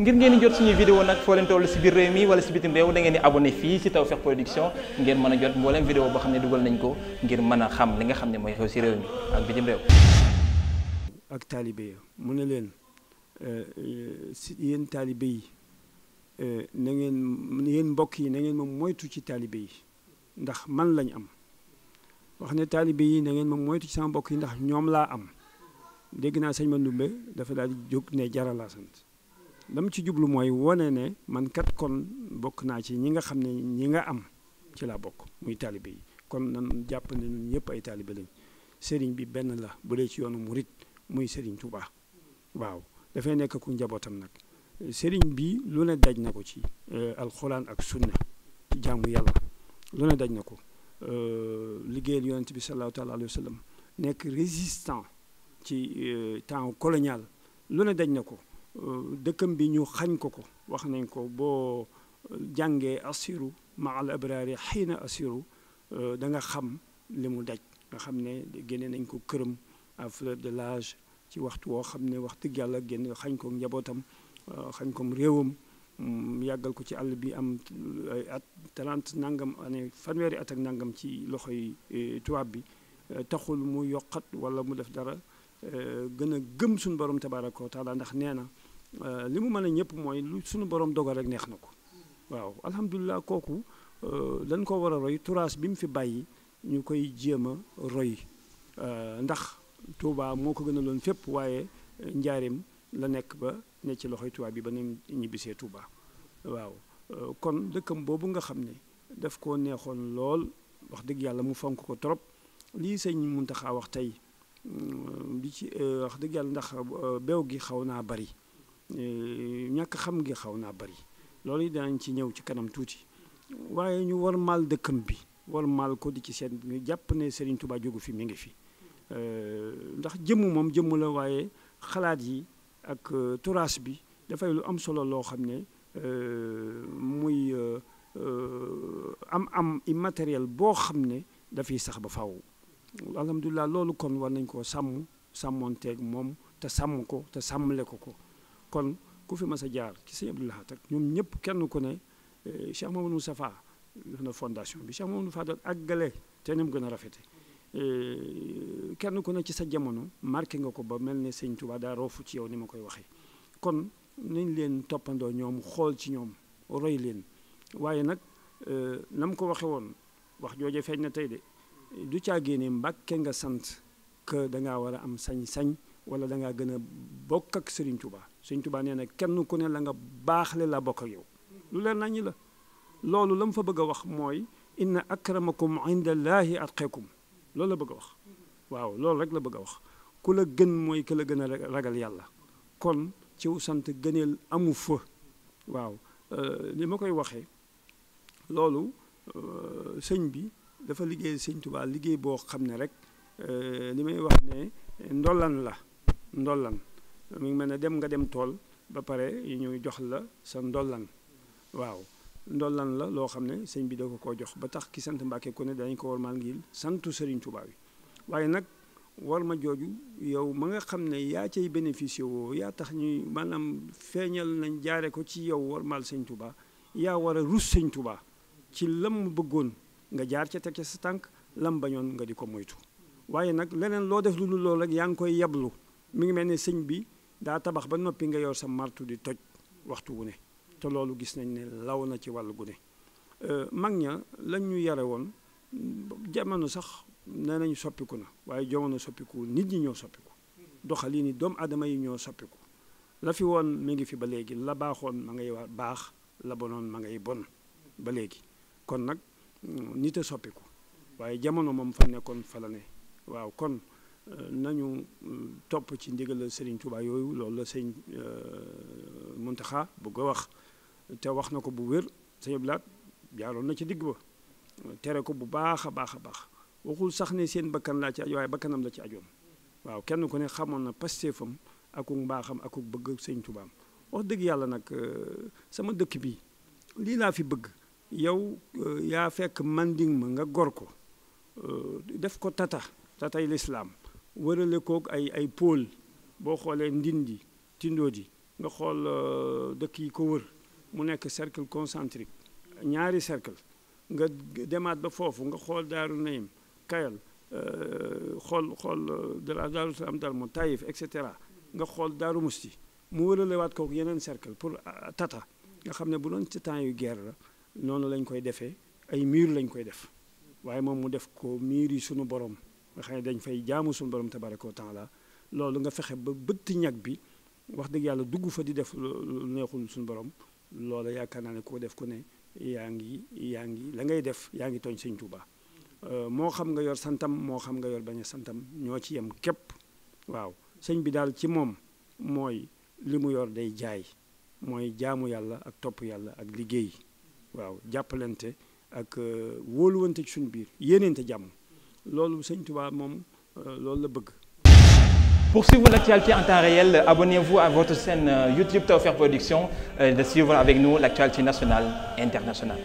ngir ngeen di jot suñuy vidéo nag foo leen toll si biir réew wala si bitim réew da ngeen di abonné fii si Tawfekh Production ngeen mën a jot mbooleem vidéo boo xam ne ko ngir mën a xam li nga xam ne mooy xew si réew mi ak bitim réew yi mu ne leen euh, euh, si yéen taalibe yi euh, na ngeen yéen mbokk yi na ngeen ma moytu ci taalibe yi ndax man lañ am wax ne taalibe yi na ngeen ma moytu ci sama mbokk yi ndax ñoom laa am dégg naa sañ sëñ Mandoumbe dafa daal di jóg ne jara laa sant dama ci jublu mooy wane ne mankat kon bokk naa ci ñi nga xam ne ñi nga am ci laa bokk muy taalibe yi kon nan jàpp ne ñun ñëpp ay taalibe lañ sëriñ bi benn la bu dee ci yoonu murit muy sëriñ Touba waaw dafay nekk ku njabootam nag sëriñ bi lu ne daj na ko ci euh, alxuraan ak sunna ci jaamu yàlla lu ne daj na ko euh, liggéeyal yonent bi sallallahu taala alayhi wa sallam nekk résistant ci euh, temps colonial lu ne daj na ko dëkkam bi ñu xañ ko ko wax nañ ko boo jàngee assiru ma al abraari xiina assiru da nga xam li mu daj nga xam ne génne nañ ko këram à fleur de l'âge ci waxtu woo xam ne wax dëgg yàlla génn xañ ko njabootam xañ ko réewam yàggal ko ci àll bi am at trente nangam année fanweeri at ak nangam ci loxo loxoy e, tubaab bi taxul mu yokkat wala mu def dara e, gën a gëm suñu borom tabaaraka wa taala ndax nee na Euh, li mu mën a ñëpp mooy lu suñu borom dogal rek neex na ko waaw alhamdulilah kooku euh, dañ ko war a roy turaas bi mu fi bàyyi ñu koy jéem a roy euh, ndax tuubaa moo ko gën a loon fépp waaye njaarim la nekk ba ne ci loxoy tubaab bi ba ne ñibbisee Touba waaw kon dëkkam boobu nga xam ne daf ko neexoon lool wax dëgg yàlla mu fonk ko trop lii sëñ Muntaxa wax tey di mm, ci wax dëgg yàlla ndax beew gi xaw naa bari Euh, ñàkk xam ngi xaw naa bari loolu yi danañ ci ñëw ci kanam tuuti waaye ñu war maal dëkkam bi war maal ko di ci seen jàpp ne Serigne Touba jógu fi mu ngi fi euh, ndax jëmm moom jëmm la waaye xalaat yi ak euh, turaas bi dafay lu am solo loo xam ne muy am am immatériel boo xam ne dafiy sax ba faw alhamdulilah loolu kon war nañ koo sàmm sàmmoonteeg moom te sàmm ko te sàmmle ko ko kon ku fi mas a jaar ci sëñ Abdou Lahad ak ñoom ñëpp kenn ku ne eh, Cheikh Mamadou Moustapha na fondation bi Cheikh Mamadou ak àggale te ni mu gën a rafete eh, kenn ku ne ci sa jamono marqué nga ko ba mel ni sëñ Touba daa roofu ci yow ni ma koy waxee kon nañ leen toppandoo ñoom xool ci ñoom roy leen waaye nag eh, na mu ko waxe woon wax jooje feeñ na tey de du caa génne mbàkke nga sant que da ngaa war a am sañ-sañ wala dangaa gën a bokk ak Serigne tubaa Serigne Touba nee na kenn ku ne la nga baaxale laa bokk ak yow lu leen nañu la loolu la mu fa bëgg a wax mooy inna akramakum inda allahi atqakum loolu la bëgg a wax waaw loolu rek la bëgg a wax ku la gën mooy ku gën a ragal yàlla kon ciw sant gëneel amu fa waaw li euh, ma koy waxee loolu euh, sëñ bi dafa liggéey sëñ Tuubaa liggéey boo xam ne rek euh, li may wax ne ndollan la ndollan mu ngi mel ne dem nga dem tool ba pare ñu jox la sa ndollan waaw ndollan la loo xam ne sëñ bi da ko jox ba tax ki sant Mbàkke ko ne dañ ko war maal ngir santu Sëriñ Tuubaa bi waaye nag war ma jooju yow ma nga xam ne yaa cay bénéficié yaa tax ñuy maanaam feeñal nañ jaare ko ci yow war maal sëñ Tuubaa yaa war a ci lam bëggoon nga jaar ca teg tànk lam bañoon nga di ko moytu waaye nag leneen loo def lu dul loolu rek yaa ngi koy yablu mi ngi mel ni sëñ bi daa tabax ba noppi nga yor sa martu di toj waxtu wu ne te loolu gis nañ ne law na ci wàllu gu ne euh, mag ña lañ ñu yare woon jamono sax nee nañu soppiku na waaye jamono soppiku nit ñi ñoo soppiku doxalii ni doomu aadama yi ñoo soppiku la fi woon mi ngi fi ba léegi la baaxoon ma ngay baax la bonoon ma ngay bon ba léegi kon nag mm, nit a soppiku waaye jamono moom fa nekkoon fa la ne waaw kon nañu euh, topp ci ndigal Serigne Touba yooyu loolu la sëñ euh, Muntaxa bëgg a wax te wax na ko bu wér sëñ Blaat jaaroon na ci digg ba tere ko bu baax a baax a baax waxul sax ne seen bakkan laa ci aj waaye la ci ajoon waaw kenn ku ne xamoon na fam akuk mbaaxam akuk bëgg sëñ Tubaam wax dëgg yàlla nag euh, sama dëkk bi lii laa fi bëgg yow yaa fekk manding ma nga gor ko def ko tata tatay lislaam wërale kook ay ay pôle boo xoolee Ndindi Tindodi nga xool euh, dëkk yi ko wër mu nekk cercle concentrique ñaari cercle nga demaat ba foofu nga xool Daaru Nayim Kayal euh, xool xool euh, Daaru Salaam dal moom Taïf et cetera nga xool Daaru Musti mu wërale waat kook yeneen cercle pour tata nga xam ne bu doon ci temps yu guerre la noonu lañ koy defee ay mur lañ koy def waaye moom mu def ko miir yi sunu borom nga xam ne dañ fay jaamu suñu borom tabaraka wa taala loolu nga fexe ba bëtt ñag bi wax dëgg yàlla dugg fa di def lu neexul suñu borom loola yaakaar naa ne ko def ku ne yaa ngi yaa ngi la ngay def yaa ngi tooñ sëñ Tuuba euh, moo xam nga yor santam moo xam nga yor bañ santam ñoo ci yem képp waaw sëñ bi daal ci moom mooy li mu yor day jaay mooy jaamu yàlla ak topp yàlla ak liggéey waaw jàppalante ak euh, wóoluwante ci suñu biir yéeneente jàmm loolu sëñ Touba moom euh, loolu la bëgg. Pour suivre l'actualité en temps réel, abonnez-vous à votre chaîne euh, YouTube Tawfekh Production euh, de suivre avec nous l'actualité nationale et internationale.